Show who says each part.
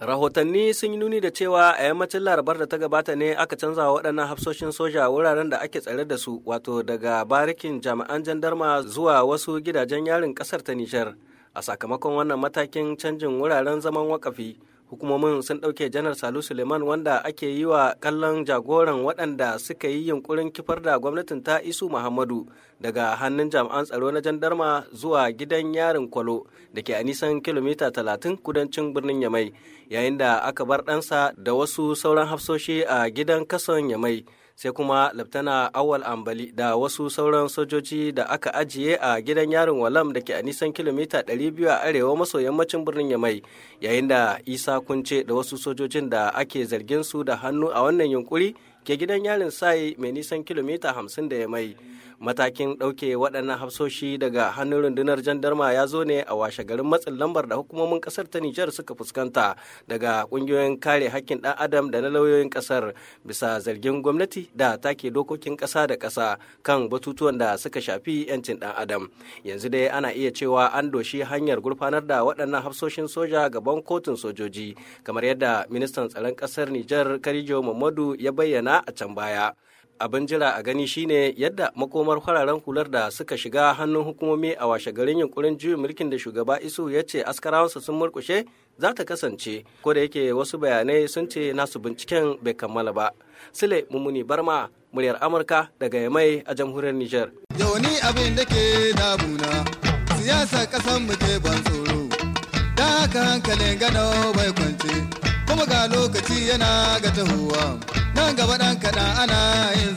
Speaker 1: rahotanni sun yi nuni da cewa a yammacin larabar da ta gabata ne aka canza wa waɗannan hafsoshin soja wuraren da ake tsare da su wato daga barikin jami'an jandarma zuwa wasu gidajen yarin ƙasar ta nijar a sakamakon wannan matakin canjin wuraren zaman wakafi hukumomin sun ɗauke janar salu suleiman wanda ake yi wa kallon jagoran waɗanda suka yi yunkurin kifar da gwamnatin ta isu muhammadu daga hannun jami'an tsaro na jandarma zuwa gidan yarin kwalo da ke a nisan kilomita 30 kudancin birnin yamai yayin da aka bar ɗansa da wasu sauran hafsoshi a gidan kason yamai sai kuma laftana awal ambali da wasu sauran sojoji da aka ajiye a gidan yarin walam da ke a nisan kilomita 200 a arewa maso yammacin birnin yamai yayin da isa kunce da wasu sojojin da ake zargin su da hannu a wannan yunkuri ke gidan yarin sai mai nisan kilomita hamsin da ya mai matakin ɗauke waɗannan hafsoshi daga hannun rundunar jandarma ya zo ne a washe garin matsin lambar da hukumomin ƙasar ta nijar suka fuskanta daga ƙungiyoyin kare hakkin ɗan adam da na lauyoyin ƙasar bisa zargin gwamnati da take dokokin ƙasa da ƙasa kan batutuwan da suka shafi 'yancin ɗan adam yanzu dai ana iya cewa an doshi hanyar gurfanar da waɗannan hafsoshin soja gaban kotun sojoji kamar yadda ministan tsaron ƙasar nijar karijo mamadu ya bayyana na a can baya abin jira a gani shine yadda makomar fararen hular da suka shiga hannun hukumomi a washe garin yunkurin juyin mulkin da shugaba isu ya ce askarawansa sun murkushe za ta kasance ko da yake wasu bayanai sun ce nasu binciken bai kammala ba sule mummuni barma muryar amurka daga yamai a jamhuriyar nijar. yawani abin da ke
Speaker 2: damuna siyasa kasan mu ke ban tsoro da haka hankalin gano bai kwance kuma ga lokaci yana ga tahowa nan gaba dan kaɗan ana yin